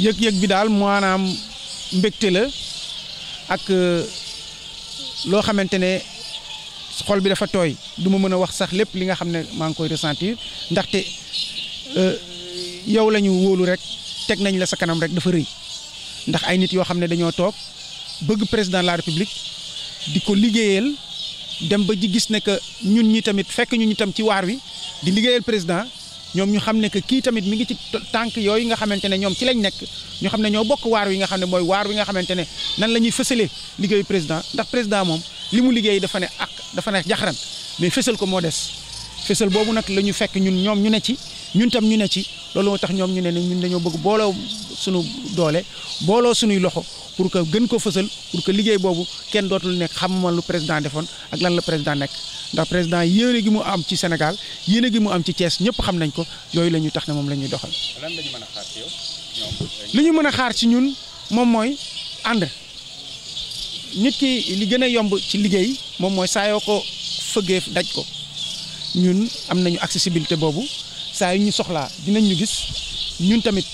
yëg-yëg bi daal maanaam mbégte la ak euh, loo xamante ne xol bi dafa tooy du ma mën a wax sax lépp li nga xam ne maa ngi koy ressentir ndaxte euh, yow lañu wóolu rek teg nañ la sa kanam rek dafa rëy ndax ay nit yoo xam ne dañoo toog bëgg président la république di ko liggéeyal dem ba ji gis ne que ñun ñi tamit fekk ñun ñi tam ci waar wi di liggéeyal président. ñoom ñu xam ne que kii tamit mu ngi ci tànk yooyu nga xamante ne ñoom ci lañ nekk ñu xam ne ñoo bokk waar wi nga xam ne mooy waar wi nga xamante ne nan la ñuy fësalee liggéeyu président ndax président moom li mu liggéey dafa ne ak dafa ne jaxaran mais fësal ko moo des fësal boobu nag la ñu fekk ñun ñoom ñu ne ci ñun tam ñu ne ci loolu moo tax ñoom ñu ne ne ñun dañoo bëgg booloo suñu doole booloo suñuy loxo pour que gën ko fësal pour que liggéey boobu kenn dootul nekk xamuma lu président defoon ak lan la président nekk ndax président yéene gi mu am ci Sénégal yéene gi mu am ci Thiès ñëpp xam nañ ko yooyu la ñuy tax ne moom la ñuy doxal. lan la ñu mën a xaar li ñu mën a xaar ci ñun moom mooy ànd nit ki li gën a yomb ci liggéey moom mooy saa yoo ko fëggee daj ko ñun am nañu accessibilité boobu saa yi ñu soxlaa dinañ ñu gis ñun tamit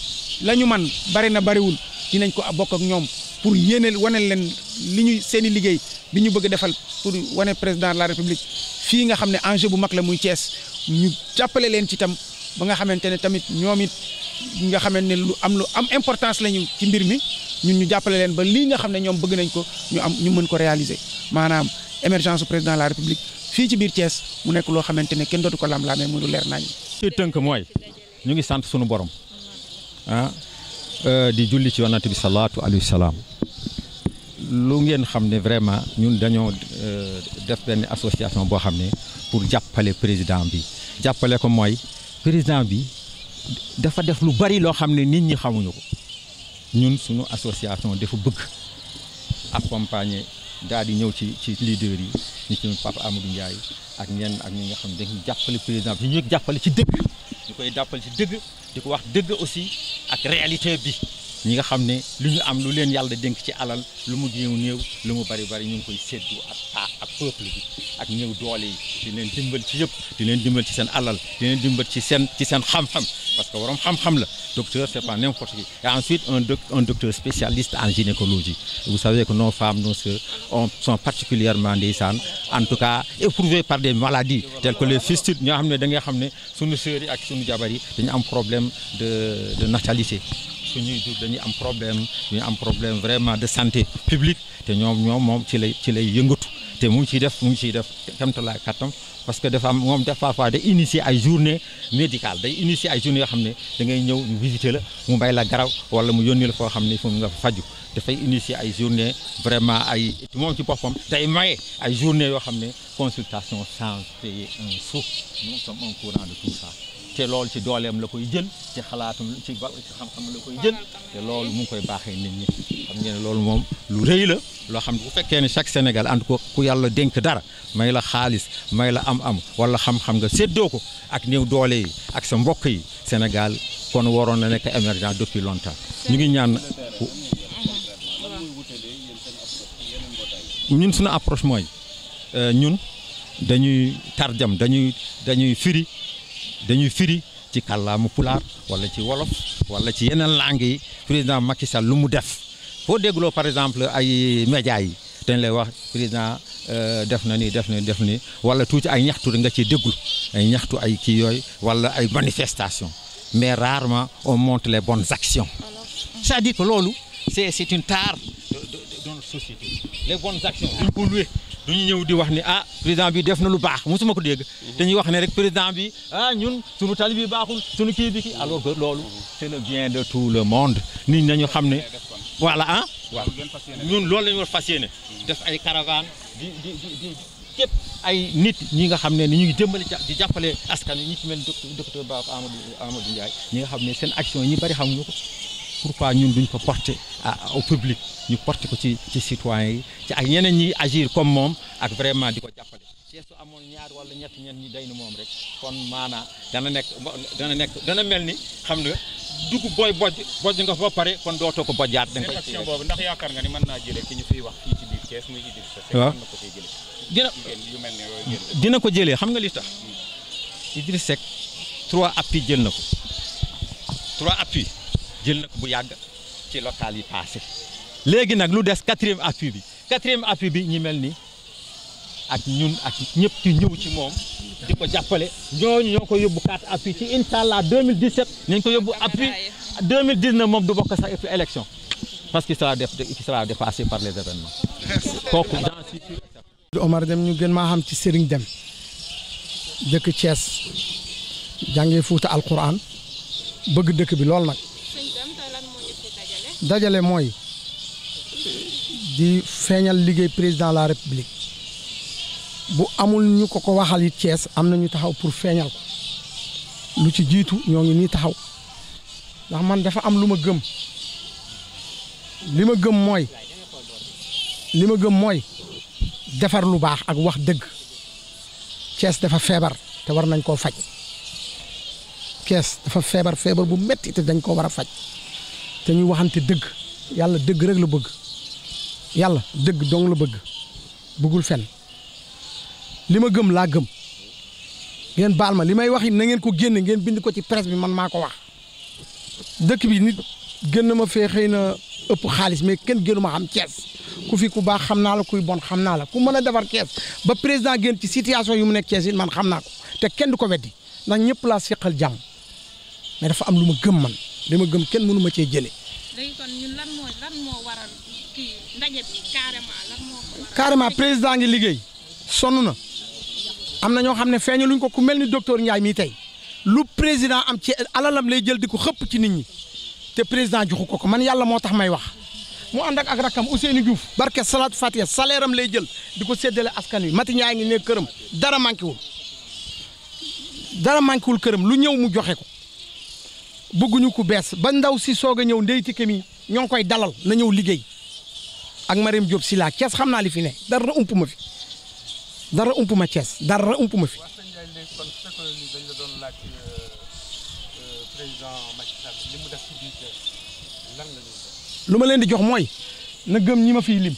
la ñu man bari na bariwul dinañ ko bokk ak ñoom pour yéene wane leen li ñu seeni liggéey bi ñu bëgg defal pour wane président la république fii nga xam ne enjeu bu mag la muy Thiès ñu jàppale leen ci tam ba nga xamante ne tamit ñoom it nga xamante ne lu am lu am importance lañu ci mbir mi ñun ñu jàppale leen ba lii nga xam ne ñoom bëgg nañ ko ñu am ñu mën ko réaliser maanaam émergence du président la république fii ci biir cees mu nekk loo xamante ne kenn dootu ko lam-laamee mu lu leer nañ ci tënk mooy ñu ngi sant sunu borom ah euh, di julli ci yonante bi salaatu alayhi salaam lu ngeen xam ne vraiment ñun dañoo euh, def benn association boo xam ne pour jàppale président bi jàppale ko mooy président bi dafa def lu bari loo xam ne nit ñi xamuñu ko ñun suñu association dafa bëgg accompagner daal di ñëw ci ci leader yi ñu ci Papa Amadou Ndiaye ak ñenn ak ñi nga xam ne dañuy jàppale président bi ñu jàppale ci dëgg ñu koy jàppale ci dëgg di ko wax dëgg aussi ak réalité bi ñi nga xam ne lu ñu am lu leen yàlla dénk ci alal lu mu néew néew lu mu bari bari ñu ngi koy séddu ak paa ak peuple bi ak ñëw doole di leen dimbal ci yëpp di leen dimbal ci seen alal di leen dimbal ci seen ci seen xam-xam parce que borom xam-xam la docteur c'est pas n'importe qui et ensuite un doc un docteur spécialiste en gynécologie vous savez que nos femmes nos sœurs ont sont particulièrement ndeysaan en tout cas éprouvées par des maladies telles que le fistules ñoo xam ne da ngay xam ne suñu sœurs yi ak suñu jabar yi dañu am problème de de natalité suñuy jur dañuy am problème dañuy am problème vraiment de santé publique te ñoom ñoom moom ci lay ci lay yëngatu te mu ngi ciy def mu ngi ciy def kemtalaay kattam parce que dafa am moom def parfois day initier ay journée médicale day initier ay journée yoo xam ne dangay ñëw ñu visiter la mu bay la garaw wala mu yónni la foo xam ne fu mu nga faju dafay initier ay journée vraiment ay moom ci boppam day maye ay journée yoo xam ne consultation sans payer un sou nous sommes au courant de tout ça te loolu ci dooleem la koy jën ci xalaatum ci ci xam-xam la koy jël te loolu mu ngi koy baaxee nit ñi xam moom lu rëy la loo xam ne bu fekkee ne chaque Sénégal ànd ko ku yàlla dénk dara may la xaalis may la am-am wala xam-xam nga seddoo ko ak néew doole yi ak sa mbokk yi Sénégal kon waroon na nekk émergent depuis longtemps ñu ngi ñaan ñun suñu approche mooy euh, ñun dañuy tarjam dañuy dañuy firi dañuy firi ci kàllaamu pulaar wala ci wolof wala ci yeneen langues yi président Macky Sall lu mu def foo dégloo par exemple ay médias yi dañ lay wax président euh, def na ni def na def ni wala tuuti ay ñaxtu nga ci déglu ay ñaxtu ay kii yooyu wala ay manifestation mais rarement on montre les bonnes actions c'est-à-dire loolu c'est une tare de notre société les bonnes actions lu ñu ñëw di wax ni ah président bi def na lu baax musuma ko dégg mhm. dañuy wax ne rek président bi ah ñun suñu tali bi baaxul suñu kii bi kii alors que loolu mhm. c'est le bien de tout le monde nit nañu xam ne voilà ah waaw ñun loolu lañu war fas yéene mhm. def ay caravane di di di képp ay nit ñi nga xam ne ni ñu ngi jëmbale di jàppale askan wi ñu ci mel docteur Ba Amadou Amadou Ndiaye ñi nga xam ne seen action ñi bari xamuñu ko pourquoi ñun duñ ko porter au public ñu porter ko ci ci citoyen yi ci ak ñeneen ñi agir comme moom ak vraiment di ko jàppale su amoon ñaar wala ñett ñen ñi day na moom rek kon maanaa dana nekk dana nekk dana mel ni xam nga dugub booy boj bojj nga ba pare kon dootoo ko bojjaat da nga koy action ndax yaakaar nga ni mën naa jëlee ki ñu fiy wax fii ci biir Thiès muy Idrissa dina mel ne dina ko jëlee xam nga li tax Idrissa Seck trois appui jël na ko trois appui jël na ko bu yàgg ci local yi passé léegi nag lu des quatrième appui bi quatrième appui bi ñi mel ni ak ñun ak ñëpp ñëw ci moom di ko jàppale ñooñu ñoo ko yóbbu quatre appui ci incha allah 2017 nañ ko yóbbu appui 2019 moom du bokk sax élection parce que sera def il sera dépassé par les événements kooku Omar Deme ñu gën maa xam ci Serigne dem dëkk Thiès jàngee fuuta alquran bëgg dëkk bi lool nag dajale mooy di feeñal liggéey président la république bu amul ñu ko ko waxal it Thiès am na ñu taxaw pour feeñal ko lu ci jiitu ñoo ngi nii taxaw ndax man dafa am lu ma gëm li ma gëm mooy li ma gëm mooy defar lu baax ak wax dëgg cees dafa feebar te war nañ koo faj Thiès dafa feebar feebar bu metti te dañ koo war a faj te ñuy waxante dëgg yàlla dëgg rek la bëgg yàlla dëgg dong la bëgg bëggul fen li ma gëm laa gëm ngeen baal ma li may wax it na ngeen ko génne ngeen bind ko ci presse bi man maa ko wax dëkk bi nit gën na ma fee xëy na ëpp xaalis mais kenn gënu ma xam Thiès ku fi ku baax xam naa la kuy bon xam naa la ku mën a defar Thiès ba président génn ci situation yu mu nekk Thiès it man xam naa ko te kenn du ko weddi ndax ñëpp laa seqal jàmm mais dafa am lu ma gëm man. dama gëm kenn mënu ma cee jëlee. léegi kon moo lan moo waral kii ndaje bi président ngi liggéey sonn na am na ñoo xam ne feeñu luñ ko ku mel ni docteur Ndiaye mii tey lu président am ci alalam lay jël di ko xëpp ci nit ñi te président joxu ko ko man yàlla moo tax may wax. mu ànd ak ak rakam Ousseynou Diouf barke Salatu Fatiha salaire am lay jël di ko séddale askan wi Mati Ndiaye ngi ne këram dara manqué wul dara manqué wul këram lu ñëw mu joxe ko. bëgguñu ku bees ba ndaw si soog a ñëw ndey Tické mi ñoo ngi koy dalal na ñëw liggéey ak Mariam si Sylla Thiès xam naa li fi ne dara ump ma fi dara ump ma dara ump ma fi. Euh, euh, lu ma leen di jox mooy na gëm ñi ma fiy lim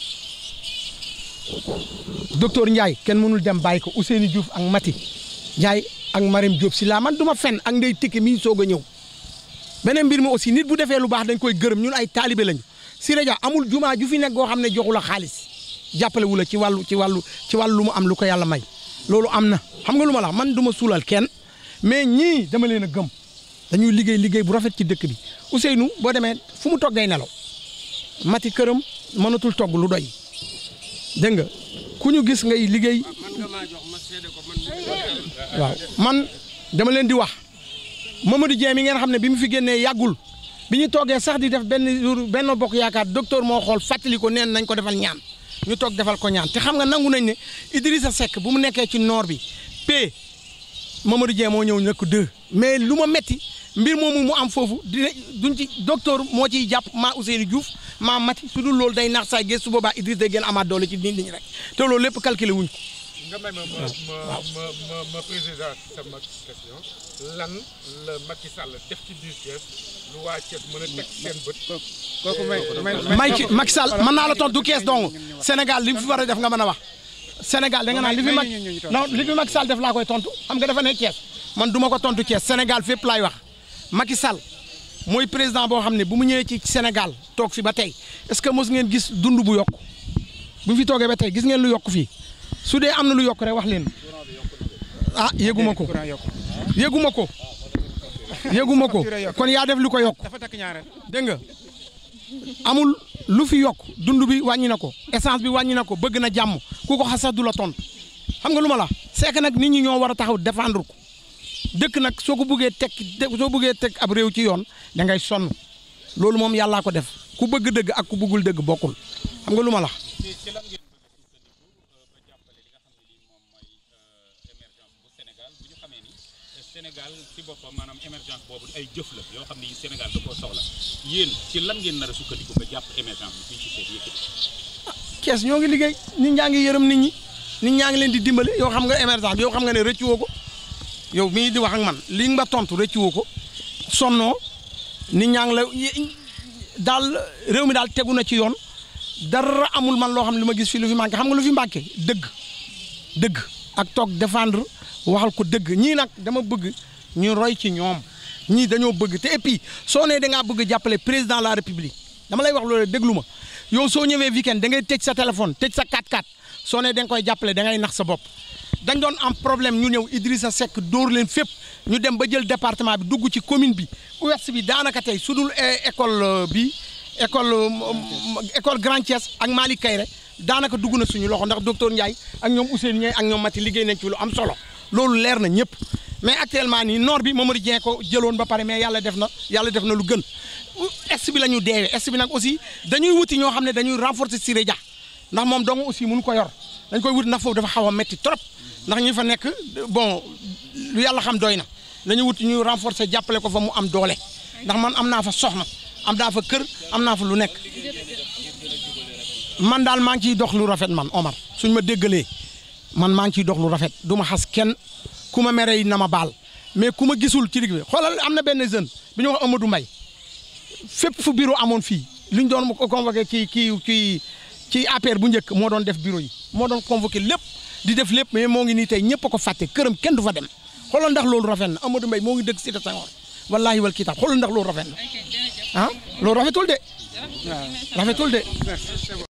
docteur njaay kenn mënul dem bàyyi ko Ousseynou Diouf ak Mati Ndiaye ak Mariam si laa man du ma fenn ak ndey Tické mi soog a ñëw. beneen mbir mi aussi nit bu defee lu baax dañ koy gërëm ñun ay taalibe lañu Siré Dia amul jumaa ju fi nekk goo xam ne joxu xaalis jàppale wu la ci wàllu ci wàllu ci wàllu lu mu am lu ko yàlla may loolu am na xam nga lu ma la man duma suulal kenn mais ñii dama leen a gëm dañuy liggéey liggéey bu rafet ci dëkk bi Ousseynou boo demee fu mu togg day nelaw mati këram mënatul togg lu doy dégg nga ku ñu gis ngay liggéey waaw man dama leen di wax Mamadou Dieng mi ngeen xam ne bi mu fi génnee yàggul bi ñu toogee sax di def benn jour benn bokk yaakaar docteur moo xool fàttali ko neen nañ ko defal ñaan ñu toog defal ko ñaan te xam nga nangu nañ ne Idrissa sekk bu mu nekkee ci noor bi p Mamadou Dieng moo ñëw nekku deux mais lu ma metti mbir moomu mu am foofu dina duñ ci docteur moo ci jàpp maa Ousseynou Diouf maa Mati su dul loolu day naax saa gés su boobaa Idriss day amaa amaat doole ci nit ñi rek te loolu lépp calculé wuñ ko nga may ma ma waa Thiès mën a ci Macky Sall mën naa la tontu Thiès donc Sénégal li mu fi war def nga mën a wax. Sénégal da nga naan li fi Macky non li fi Macky Sall def laa koy tontu xam nga dafa ne Thiès man duma ko tontu Thiès Sénégal fépp laay wax Macky Sall mooy président boo xam ne bu mu ñëwee ci Sénégal toog fi ba tey est-ce que mos ngeen gis dund bu yokku bu fi toogee ba tey gis ngeen lu yokku fii. su dee am na lu yokk rek wax leen ah yëguma ko yëguma ko yëguma ko kon yaa def lu ko yokk dégg nga amul lu fi yokk dund bi wàññi na ko essence bi wàññi na ko bëgg na jàmm ku ko xasee du la tontu xam nga lu ma la c'est que nag nit ñi ñoo war a taxaw défendre ko dëkk nag soo ko bëggee teg soo bëggee teg ab réew ci yoon da ngay sonn loolu moom yàllaa ko def ku bëgg dëgg ak ku bëggul dëgg bokkul xam nga lu ma la Sénégal ci boppam maanaam émergence boobu ay jëf la yoo xam ne Sénégal da koo soxla yéen ci lan ngeen nar a sukkandiku ba jàpp émergence bi fii ci ah, ñoo ngi liggéey nit ñaa ngi yërëm nit ñi nit ñaa ngi leen di dimbale yoo xam nga émergence bi yoo xam nga ne rëccuwoo ko yow mii di wax ak man li nga ma tontu rëccuwoo ko sonnoo nit ñaa ngi la daal réew mi daal tegu na ci yoon dara amul man loo xam ne li ma gis fii lu fi manqué xam nga lu fi manqué dëgg dëgg ak toog défendre. waxal ko dëgg ñii nag dama bëgg ñu roy ci ñoom ñii dañoo bëgg te et soo nee da ngaa bëgg jàppale président la république dama lay wax loolu déglu ma yow soo ñëwee weekend da ngay tëj sa téléphone tëj sa 4 x soo nee da koy jàppale da ngay nax sa bopp. dañ doon am problème ñu ñëw Idrissa Seck dóor leen fépp ñu dem ba jël département bi dugg ci commune bi ouest bi daanaka tey su dul eh, école euh, bi école euh, école Grand Thiès ak Malick Kayre daanaka dugg na suñu loxo ndax docteur Ndiaye ak ñoom Ousseynou Ndiaye ak ñoom Mati liggéey nañ ci lu am solo. loolu leer na ñëpp mais actuellement nii nord bi Mamadou Dieng ko jëloon ba pare mais yàlla def na yàlla def na lu gën est bi la ñu deewee est nag aussi dañuy wuti ñoo xam ne dañuy renforcer Siré Dia ndax moom dong aussi mënu ko yor dañ koy wut ndax foofu dafa xaw a métti ndax ñi fa nekk bon lu yàlla xam doy na dañuy wut ñu renforcer jàppale ko fa mu am doole ndax man am naa fa soxna am naa fa kër am naa fa lu nekk man daal maa ngi ciy dox lu rafet man Omar suñ ma déggalee man maa ngi ciy dox lu rafet du ma xas kenn ku ma mere yi na ma baal mais ku ma gisul ci digg bi xoolal am na benn jeune bu ñu wax Amadou Mbaye fépp fu bureau amoon fii li ñu doon convoqué ci kii kii ci APR bu njëkk moo doon def biro yi moo doon convoqué lépp di def lépp mais moo ngi nii tey ñëpp ko fàtte këram kenn du fa dem xoolal ndax loolu rafet na Amadou Mbaye moo ngi dëkk Cité Senghor wallaahi wal kitaab xoolal ndax loolu rafet na ah loolu rafetul de waaw rafetul de